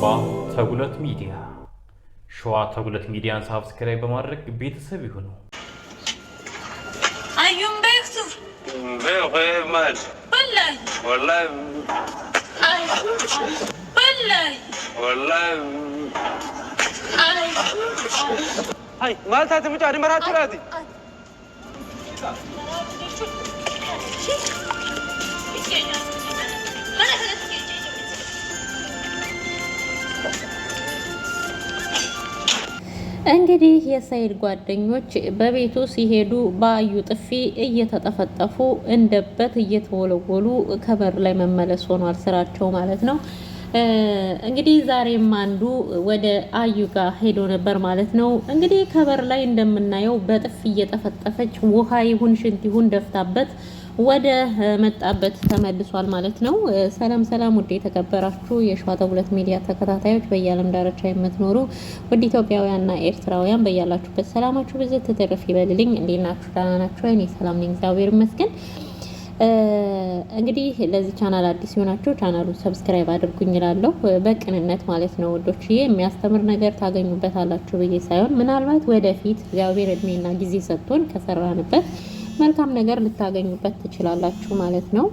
አባ ተጉለት ሚዲያ ሸዋ ተጉለት ሚዲያን ሳብስክራይብ በማድረግ ቤተሰብ ይሁኑ። አዩም በይክቱ ወላሂ እንግዲህ የሰይድ ጓደኞች በቤቱ ሲሄዱ በአዩ ጥፊ እየተጠፈጠፉ እንደበት እየተወለወሉ ከበር ላይ መመለስ ሆኗል ስራቸው ማለት ነው። እንግዲህ ዛሬም አንዱ ወደ አዩ ጋር ሄዶ ነበር ማለት ነው። እንግዲህ ከበር ላይ እንደምናየው በጥፊ እየጠፈጠፈች ውሃ ይሁን ሽንት ይሁን ደፍታበት ወደ መጣበት ተመልሷል ማለት ነው። ሰላም ሰላም፣ ውድ የተከበራችሁ የሸዋተ ሁለት ሚዲያ ተከታታዮች በየዓለም ዳርቻ የምትኖሩ ውድ ኢትዮጵያውያንና ኤርትራውያን በያላችሁበት ሰላማችሁ ብዝት ትትርፍ ይበልልኝ። እንዴት ናችሁ? ደህና ናችሁ? እኔ ሰላም ነኝ፣ እግዚአብሔር ይመስገን። እንግዲህ ለዚህ ቻናል አዲስ የሆናችሁ ቻናሉን ሰብስክራይብ አድርጉኝ እላለሁ፣ በቅንነት ማለት ነው ውዶችዬ። የሚያስተምር ነገር ታገኙበታላችሁ ብዬ ሳይሆን ምናልባት ወደፊት እግዚአብሔር እድሜና ጊዜ ሰጥቶን ከሰራንበት መልካም ነገር ልታገኙበት ትችላላችሁ ማለት ነው።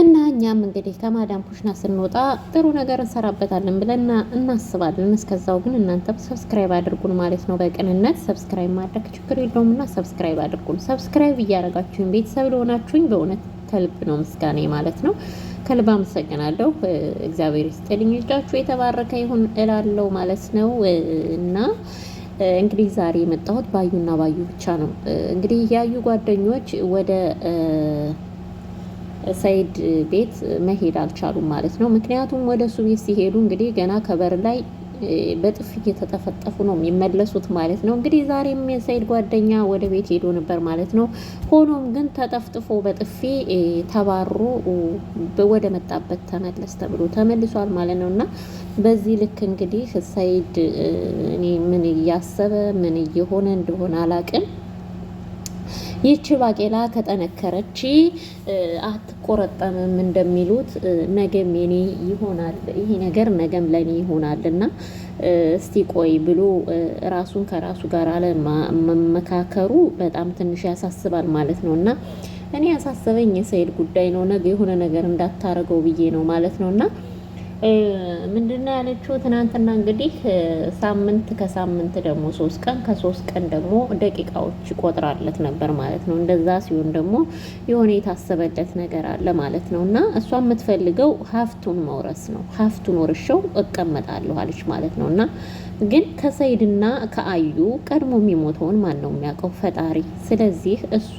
እና እኛም እንግዲህ ከማዳም ኩሽና ስንወጣ ጥሩ ነገር እንሰራበታለን ብለን እናስባለን። እስከዛው ግን እናንተም ሰብስክራይብ አድርጉን ማለት ነው። በቅንነት ሰብስክራይብ ማድረግ ችግር የለውም እና ሰብስክራይብ አድርጉን። ሰብስክራይብ እያደረጋችሁኝ ቤተሰብ ለሆናችሁኝ በእውነት ከልብ ነው ምስጋኔ ማለት ነው። ከልብ አመሰግናለሁ። እግዚአብሔር ይስጥልኝ፣ እጃችሁ የተባረከ ይሁን እላለው ማለት ነው እና እንግዲህ ዛሬ የመጣሁት ባዩና ባዩ ብቻ ነው። እንግዲህ ያዩ ጓደኞች ወደ ሰይድ ቤት መሄድ አልቻሉም ማለት ነው። ምክንያቱም ወደ እሱ ቤት ሲሄዱ እንግዲህ ገና ከበር ላይ በጥፊ እየተጠፈጠፉ ነው የሚመለሱት ማለት ነው። እንግዲህ ዛሬም የሰይድ ጓደኛ ወደ ቤት ሄዶ ነበር ማለት ነው። ሆኖም ግን ተጠፍጥፎ በጥፊ ተባሮ ወደ መጣበት ተመለስ ተብሎ ተመልሷል ማለት ነው እና በዚህ ልክ እንግዲህ ሰይድ እኔ ምን እያሰበ ምን እየሆነ እንደሆነ አላቅም። ይቺ ባቄላ ከጠነከረች አትቆረጠምም እንደሚሉት ነገም የኔ ይሆናል፣ ይሄ ነገር ነገም ለኔ ይሆናል እና እስቲ ቆይ ብሎ ራሱን ከራሱ ጋር አለመመካከሩ በጣም ትንሽ ያሳስባል ማለት ነው እና እኔ ያሳሰበኝ የሰይድ ጉዳይ ነው። ነገ የሆነ ነገር እንዳታረገው ብዬ ነው ማለት ነው እና ምንድነው ያለችው ትናንትና እንግዲህ ሳምንት ከሳምንት ደግሞ ሶስት ቀን ከሶስት ቀን ደግሞ ደቂቃዎች ይቆጥራለት ነበር ማለት ነው። እንደዛ ሲሆን ደግሞ የሆነ የታሰበለት ነገር አለ ማለት ነው። እና እሷ የምትፈልገው ሀፍቱን መውረስ ነው። ሀፍቱን ወርሸው እቀመጣለሁ አለች ማለት ነው። እና ግን ከሰይድና ከአዩ ቀድሞ የሚሞተውን ማን ነው የሚያውቀው? ፈጣሪ። ስለዚህ እሷ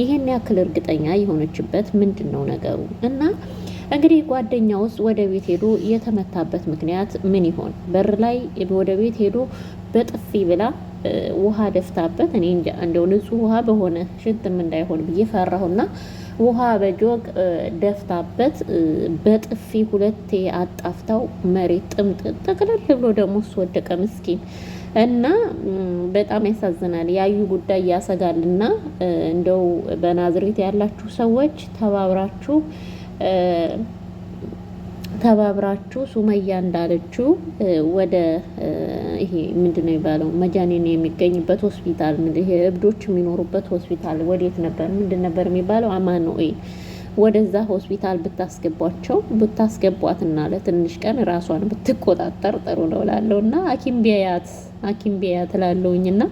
ይህን ያክል እርግጠኛ የሆነችበት ምንድን ነው ነገሩ እና እንግዲህ ጓደኛውስ ወደ ቤት ሄዶ የተመታበት ምክንያት ምን ይሆን? በር ላይ ወደ ቤት ሄዶ በጥፊ ብላ ውሃ ደፍታበት እኔ እንደው ንጹህ ውሃ በሆነ ሽንትም እንዳይሆን ብዬ ፈራሁና ውሃ በጆግ ደፍታበት በጥፊ ሁለቴ አጣፍታው መሬት ጥምጥ ጠቅልል ብሎ ደግሞ እሱ ወደቀ ምስኪን እና በጣም ያሳዝናል። ያዩ ጉዳይ ያሰጋልና እንደው በናዝሬት ያላችሁ ሰዎች ተባብራችሁ ተባብራችሁ ሱመያ እንዳለችው ወደ ይሄ ምንድን ነው የሚባለው መጃኒን የሚገኝበት ሆስፒታል ይሄ እብዶች የሚኖሩበት ሆስፒታል ወዴት ነበር ምንድን ነበር የሚባለው አማኑኤል ወደዛ ሆስፒታል ብታስገቧቸው ብታስገቧትና ለትንሽ ቀን ራሷን ብትቆጣጠር ጥሩ ነው ላለው እና ሐኪም ቢያያት ሐኪም ቢያያት እላለሁኝ እና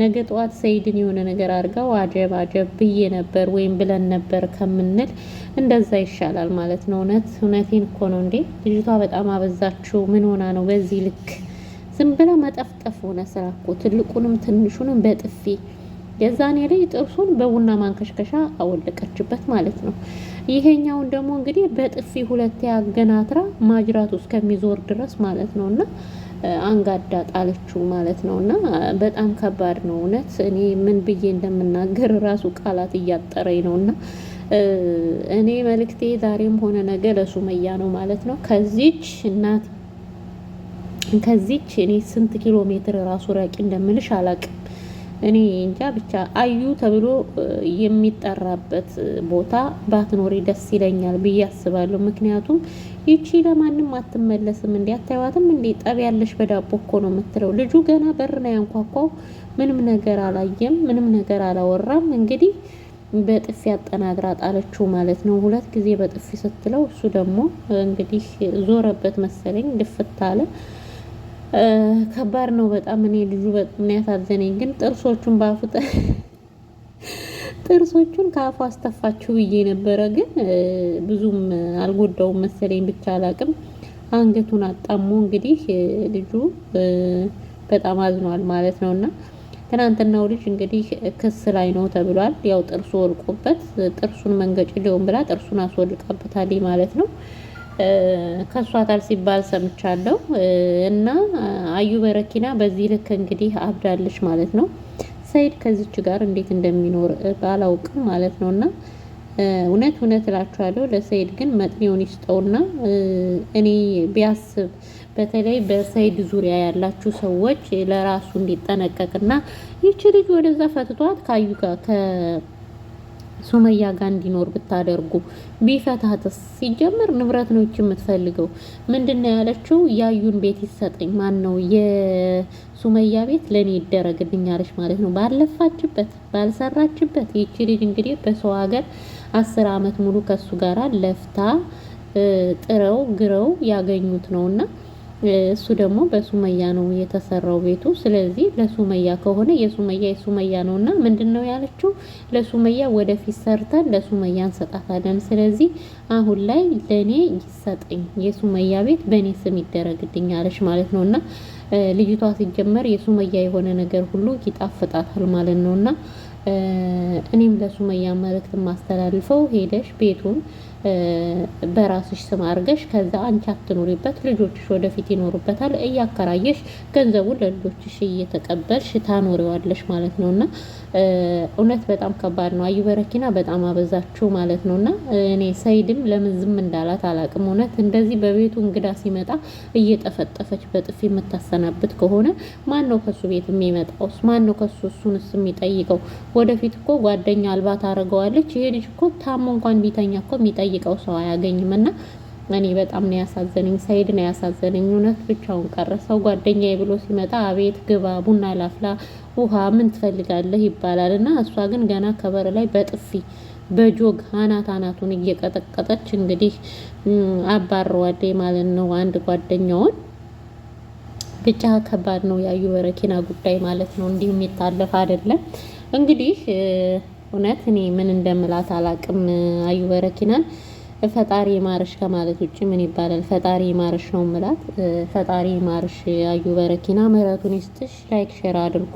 ነገ ጠዋት ሰይድን የሆነ ነገር አድርጋው አጀብ አጀብ ብዬ ነበር ወይም ብለን ነበር ከምንል እንደዛ ይሻላል ማለት ነው። እውነት እውነቴን እኮ ነው እንዴ! ልጅቷ በጣም አበዛችው። ምን ሆና ነው በዚህ ልክ ዝም ብለ መጠፍጠፍ ሆነ ስራ እኮ ትልቁንም ትንሹንም በጥፊ የዛኔ ላይ ጥርሱን በቡና ማንከሽከሻ አወለቀችበት ማለት ነው። ይሄኛውን ደግሞ እንግዲህ በጥፊ ሁለት ያገናትራ ማጅራቱ እስከሚዞር ድረስ ማለት ነው እና አንጋዳ ጣለችው ማለት ነው። እና በጣም ከባድ ነው እውነት። እኔ ምን ብዬ እንደምናገር ራሱ ቃላት እያጠረኝ ነው። እና እኔ መልእክቴ ዛሬም ሆነ ነገ ለሱመያ ነው ማለት ነው። ከዚች እናት ከዚች እኔ ስንት ኪሎ ሜትር ራሱ ራቂ እንደምልሽ አላቅም። እኔ እንጃ ብቻ አዩ ተብሎ የሚጠራበት ቦታ ባትኖሪ ደስ ይለኛል ብዬ አስባለሁ። ምክንያቱም ይቺ ለማንም አትመለስም እንዴ አታይዋትም እንዴ ጠብ ያለሽ በዳቦ እኮ ነው የምትለው ልጁ ገና በር ነው ያንኳኳው ምንም ነገር አላየም ምንም ነገር አላወራም እንግዲህ በጥፊ አጠናግራ ጣለችው ማለት ነው ሁለት ጊዜ በጥፊ ስትለው እሱ ደግሞ እንግዲህ ዞረበት መሰለኝ ድፍት አለ ከባድ ነው በጣም እኔ ልጁ ምን ያሳዘነኝ ግን ጥርሶቹን ባፉጠ ጥርሶቹን ከአፉ አስተፋችሁ ብዬ ነበረ፣ ግን ብዙም አልጎዳውም መሰለኝ። ብቻ አላቅም አንገቱን አጣሞ እንግዲህ ልጁ በጣም አዝኗል ማለት ነው። እና ትናንትናው ልጅ እንግዲህ ክስ ላይ ነው ተብሏል። ያው ጥርሱ ወልቆበት ጥርሱን መንገጭ ሊሆን ብላ ጥርሱን አስወልቃበታል ማለት ነው። ከሷታል ሲባል ሰምቻለሁ። እና አዩ በረኪና በዚህ ልክ እንግዲህ አብዳለች ማለት ነው። ሰይድ ከዚች ጋር እንዴት እንደሚኖር ባላውቅም ማለት ነው እና እውነት እውነት እላችኋለሁ ለሰይድ ግን መጥኔውን ይስጠውና እኔ ቢያስብ በተለይ በሰይድ ዙሪያ ያላችሁ ሰዎች ለራሱ እንዲጠነቀቅና ይቺ ልጅ ወደዛ ፈትቷት ካዩ ጋር ሱመያ ጋር እንዲኖር ብታደርጉ ቢፈታትስ? ሲጀምር ንብረት ነው እች የምትፈልገው ምንድን ነው ያለችው? ያዩን ቤት ይሰጠኝ ማን ነው ሱመያ ቤት ለእኔ ይደረግልኝ ማለት ነው። ባለፋችበት ባልሰራችበት። ይቺ ልጅ እንግዲህ በሰው ሀገር አስር አመት ሙሉ ከሱ ጋራ ለፍታ ጥረው ግረው ያገኙት ነውና እሱ ደግሞ በሱመያ ነው የተሰራው ቤቱ። ስለዚህ ለሱመያ ከሆነ የሱመያ የሱመያ ነው እና ምንድን ነው ያለችው? ለሱመያ ወደፊት ሰርተን ለሱመያ እንሰጣታለን። ስለዚህ አሁን ላይ ለእኔ ይሰጠኝ የሱመያ ቤት በእኔ ስም ይደረግልኝ አለች ማለት ነው እና ልጅቷ ሲጀመር የሱመያ የሆነ ነገር ሁሉ ይጣፍጣታል ማለት ነው እና እኔም ለሱመያ መልእክት ማስተላልፈው ሄደሽ ቤቱን በራስሽ ስም አድርገሽ ከዛ አንቺ አትኑሪበት፣ ልጆችሽ ወደፊት ይኖሩበታል። እያከራየሽ ገንዘቡን ለልጆችሽ እየተቀበልሽ ታኖሪዋለሽ ማለት ነው። እና እውነት በጣም ከባድ ነው። አዩ በረኪና በጣም አበዛችሁ ማለት ነው። እና እኔ ሰይድም ለምን ዝም እንዳላት አላቅም። እውነት እንደዚህ በቤቱ እንግዳ ሲመጣ እየጠፈጠፈች በጥፊ የምታሰናብት ከሆነ ማን ነው ከሱ ቤት የሚመጣውስ? ማን ነው ከሱ እሱንስ የሚጠይቀው? ወደፊት እኮ ጓደኛ አልባ ታደርገዋለች። ይሄ ልጅ እኮ ታሞ እንኳን ቢተኛ እኮ የሚጠይቅ የሚጠይቀው ሰው አያገኝም እና እኔ በጣም ነው ያሳዘነኝ። ሰይድ ነው ያሳዘነኝ። እውነት ብቻውን ቀረ። ሰው ጓደኛዬ ብሎ ሲመጣ አቤት ግባ፣ ቡና ላፍላ፣ ውሃ ምን ትፈልጋለህ ይባላል እና እሷ ግን ገና ከበር ላይ በጥፊ በጆግ አናት አናቱን እየቀጠቀጠች እንግዲህ አባረዋዴ ማለት ነው አንድ ጓደኛውን ብቻ ከባድ ነው ያዩ በረኪና ጉዳይ ማለት ነው። እንዲሁም የሚታለፍ አይደለም እንግዲህ እውነት እኔ ምን እንደምላት አላቅም። አዩ በረኪናን ፈጣሪ ማርሽ ከማለት ውጭ ምን ይባላል? ፈጣሪ ማርሽ ነው ምላት። ፈጣሪ ማርሽ። አዩ በረኪና ምህረቱን ይስጥሽ። ላይክ ሼር አድርጉ።